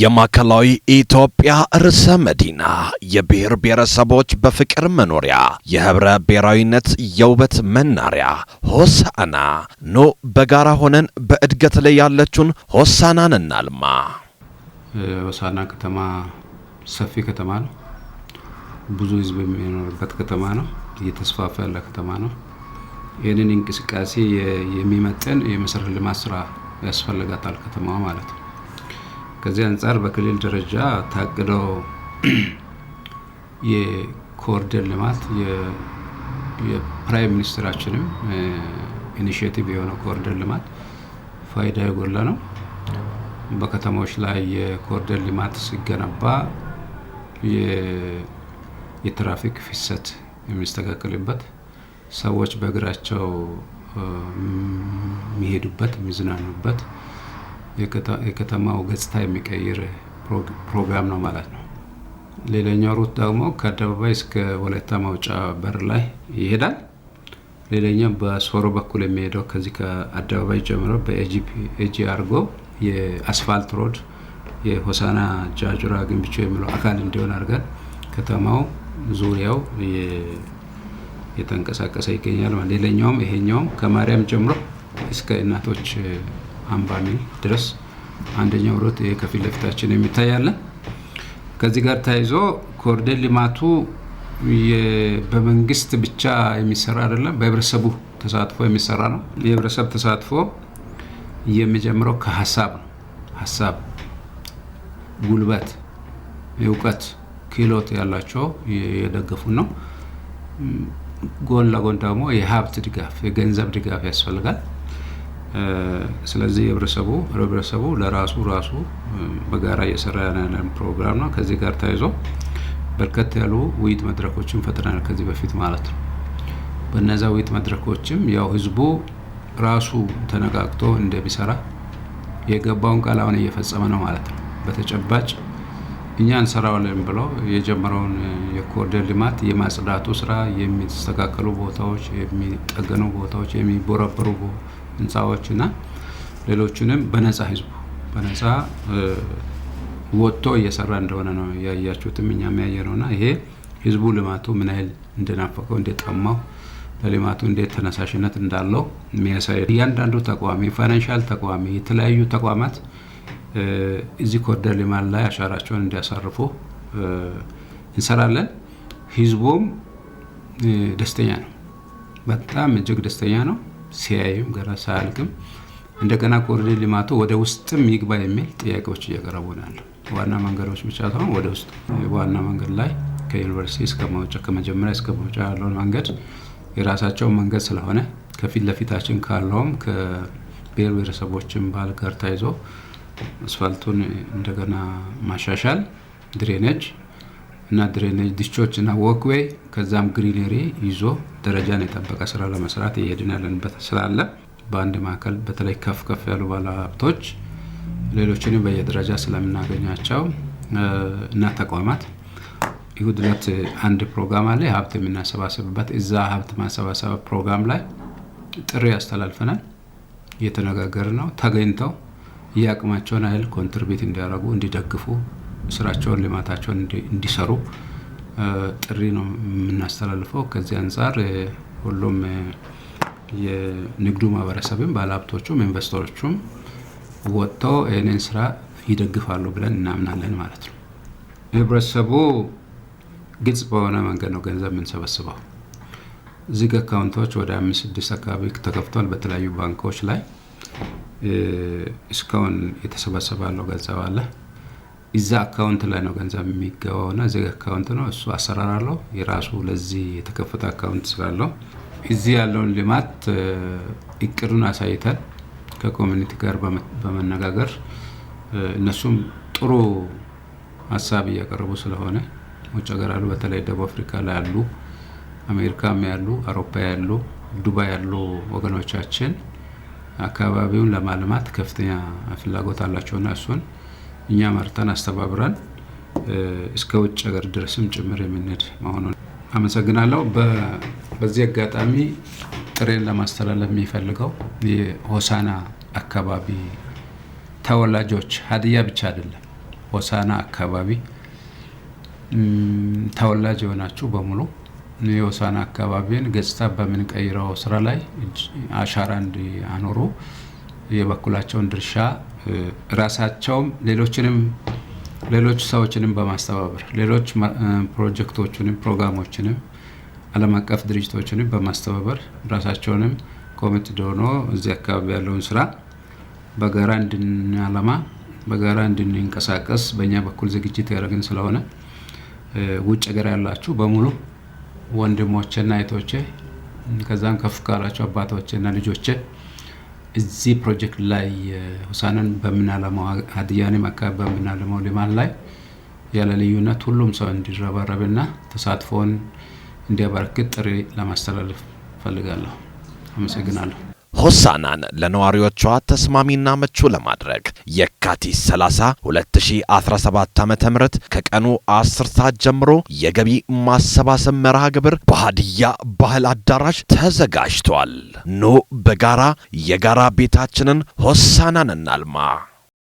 የማዕከላዊ ኢትዮጵያ ርዕሰ መዲና የብሔር ብሔረሰቦች በፍቅር መኖሪያ የህብረ ብሔራዊነት የውበት መናሪያ ሆሳና ኖ በጋራ ሆነን በእድገት ላይ ያለችውን ሆሳናን እናልማ። ሆሳና ከተማ ሰፊ ከተማ ነው። ብዙ ህዝብ የሚኖርበት ከተማ ነው። እየተስፋፋ ያለ ከተማ ነው። ይህንን እንቅስቃሴ የሚመጥን የመሰረተ ልማት ስራ ያስፈልጋታል ከተማ ማለት ነው። ከዚህ አንጻር በክልል ደረጃ ታቅደው የኮሪደር ልማት የፕራይም ሚኒስትራችንም ኢኒሽቲቭ የሆነው ኮሪደር ልማት ፋይዳ የጎላ ነው። በከተሞች ላይ የኮሪደር ልማት ሲገነባ የትራፊክ ፍሰት የሚስተካከልበት፣ ሰዎች በእግራቸው የሚሄዱበት፣ የሚዝናኑበት የከተማው ገጽታ የሚቀይር ፕሮግራም ነው ማለት ነው። ሌላኛው ሩት ደግሞ ከአደባባይ እስከ ወላይታ ማውጫ በር ላይ ይሄዳል። ሌላኛው በሶሮ በኩል የሚሄደው ከዚህ ከአደባባይ ጀምሮ በኤጂ አድርጎ የአስፋልት ሮድ የሆሳና ጃጅራ ግንብቾ የሚለው አካል እንዲሆን አድርገን ከተማው ዙሪያው የተንቀሳቀሰ ይገኛል። ሌላኛውም ይሄኛውም ከማርያም ጀምሮ እስከ እናቶች አምባሊ ድረስ አንደኛው ሮት ይሄ ከፊት ለፊታችን የሚታያለ። ከዚህ ጋር ተያይዞ ኮሪደር ልማቱ በመንግስት ብቻ የሚሰራ አይደለም፣ በህብረተሰቡ ተሳትፎ የሚሰራ ነው። የህብረተሰብ ተሳትፎ የሚጀምረው ከሀሳብ ነው። ሀሳብ፣ ጉልበት፣ እውቀት፣ ክህሎት ያላቸው የደገፉ ነው። ጎን ለጎን ደግሞ የሀብት ድጋፍ፣ የገንዘብ ድጋፍ ያስፈልጋል። ስለዚህ ህብረተሰቡ ህብረተሰቡ ለራሱ ራሱ በጋራ እየሰራ ያለን ፕሮግራም ነው። ከዚህ ጋር ተያይዞ በርከት ያሉ ውይይት መድረኮችን ፈጥረናል ከዚህ በፊት ማለት ነው። በነዚ ውይይት መድረኮችም ያው ህዝቡ ራሱ ተነቃቅቶ እንደሚሰራ የገባውን ቃል አሁን እየፈጸመ ነው ማለት ነው። በተጨባጭ እኛ እንሰራዋለን ብሎ የጀመረውን የኮሪደር ልማት የማጽዳቱ ስራ፣ የሚስተካከሉ ቦታዎች፣ የሚጠገኑ ቦታዎች፣ የሚቦረበሩ ህንፃዎችና ሌሎቹንም በነፃ ህዝቡ በነፃ ወጥቶ እየሰራ እንደሆነ ነው ያያችሁትም እኛም የሚያየ ነውና ይሄ ህዝቡ ልማቱ ምን ያህል እንደናፈቀው እንደጠማው ለልማቱ እንዴት ተነሳሽነት እንዳለው የሚያሳይ እያንዳንዱ ተቋሚ ፋይናንሻል ተቋሚ የተለያዩ ተቋማት እዚህ ኮሪደር ልማት ላይ አሻራቸውን እንዲያሳርፉ እንሰራለን። ህዝቡም ደስተኛ ነው። በጣም እጅግ ደስተኛ ነው። ሲያይም ገና ሳያልቅም እንደገና ኮሪደር ልማቱ ወደ ውስጥም ይግባ የሚል ጥያቄዎች እያቀረቡ ናለሁ። ዋና መንገዶች ብቻ ሳይሆን ወደ ውስጥ ዋና መንገድ ላይ ከዩኒቨርሲቲ እስከ መውጫ ከመጀመሪያ እስከ መውጫ ያለውን መንገድ የራሳቸው መንገድ ስለሆነ ከፊት ለፊታችን ካለውም ከብሔር ብሔረሰቦችን ባህል ጋር ታይዞ አስፋልቱን እንደገና ማሻሻል፣ ድሬነጅ እና ድሬነጅ ዲሾች እና ወክዌይ ከዛም ግሪነሪ ይዞ ደረጃን የጠበቀ ስራ ለመስራት እየሄድን ያለንበት ስላለ በአንድ ማዕከል በተለይ ከፍ ከፍ ያሉ ባለሀብቶች ሌሎችንም በየደረጃ ስለምናገኛቸው እና ተቋማት ይሁድ ዕለት አንድ ፕሮግራም አለ፣ ሀብት የምናሰባሰብበት እዛ ሀብት ማሰባሰብ ፕሮግራም ላይ ጥሪ ያስተላልፈናል። እየተነጋገር ነው ተገኝተው የአቅማቸውን ያህል ኮንትሪቢት እንዲያደርጉ እንዲደግፉ ስራቸውን ልማታቸውን እንዲሰሩ ጥሪ ነው የምናስተላልፈው። ከዚህ አንጻር ሁሉም የንግዱ ማህበረሰብም ባለሀብቶቹም ኢንቨስተሮቹም ወጥተው ይህንን ስራ ይደግፋሉ ብለን እናምናለን ማለት ነው። ህብረተሰቡ ግልጽ በሆነ መንገድ ነው ገንዘብ የምንሰበስበው። ዚግ አካውንቶች ወደ አምስት ስድስት አካባቢ ተከፍቷል በተለያዩ ባንኮች ላይ እስካሁን የተሰበሰባለው ገንዘብ አለ። እዛ አካውንት ላይ ነው ገንዘብ የሚገባው እና እዚህ አካውንት ነው እሱ አሰራር አለው የራሱ ለዚህ የተከፈተ አካውንት ስላለው እዚህ ያለውን ልማት እቅዱን አሳይተን ከኮሚኒቲ ጋር በመነጋገር እነሱም ጥሩ ሀሳብ እያቀረቡ ስለሆነ ውጭ ሀገር አሉ፣ በተለይ ደቡብ አፍሪካ ላይ ያሉ አሜሪካም ያሉ አውሮፓ ያሉ ዱባይ ያሉ ወገኖቻችን አካባቢውን ለማልማት ከፍተኛ ፍላጎት አላቸውና እሱን እኛ መርተን አስተባብረን እስከ ውጭ ሀገር ድረስም ጭምር የምንሄድ መሆኑን አመሰግናለሁ። በዚህ አጋጣሚ ጥሬን ለማስተላለፍ የሚፈልገው የሆሳና አካባቢ ተወላጆች ሀዲያ ብቻ አይደለም፣ ሆሳና አካባቢ ተወላጅ የሆናችሁ በሙሉ የሆሳና አካባቢን ገጽታ በምንቀይረው ስራ ላይ አሻራ እንዲያኖሩ የበኩላቸውን ድርሻ ራሳቸውም ሌሎችንም ሌሎች ሰዎችንም በማስተባበር ሌሎች ፕሮጀክቶችንም ፕሮግራሞችንም ዓለም አቀፍ ድርጅቶችንም በማስተባበር ራሳቸውንም ኮሚት ደሆኖ እዚህ አካባቢ ያለውን ስራ በጋራ እንድናለማ በጋራ እንድንንቀሳቀስ በእኛ በኩል ዝግጅት ያደረግን ስለሆነ ውጭ ሀገር ያላችሁ በሙሉ ወንድሞቼና አይቶቼ ከዛም ከፍ ካላችሁ አባቶቼና ልጆቼ እዚህ ፕሮጀክት ላይ ሆሳዕናን በምናለማው ሀዲያንም አካባቢ በምናለማው ልማት ላይ ያለ ልዩነት ሁሉም ሰው እንዲረባረብና ተሳትፎን እንዲያበረክት ጥሪ ለማስተላለፍ ፈልጋለሁ። አመሰግናለሁ። ሆሳናን ለነዋሪዎቿ ተስማሚና ምቹ ለማድረግ የካቲት 30 2017 ዓ.ም ከቀኑ 10 ሰዓት ጀምሮ የገቢ ማሰባሰብ መርሃ ግብር በሀዲያ ባህል አዳራሽ ተዘጋጅቷል። ኑ በጋራ የጋራ ቤታችንን ሆሳናን እናልማ።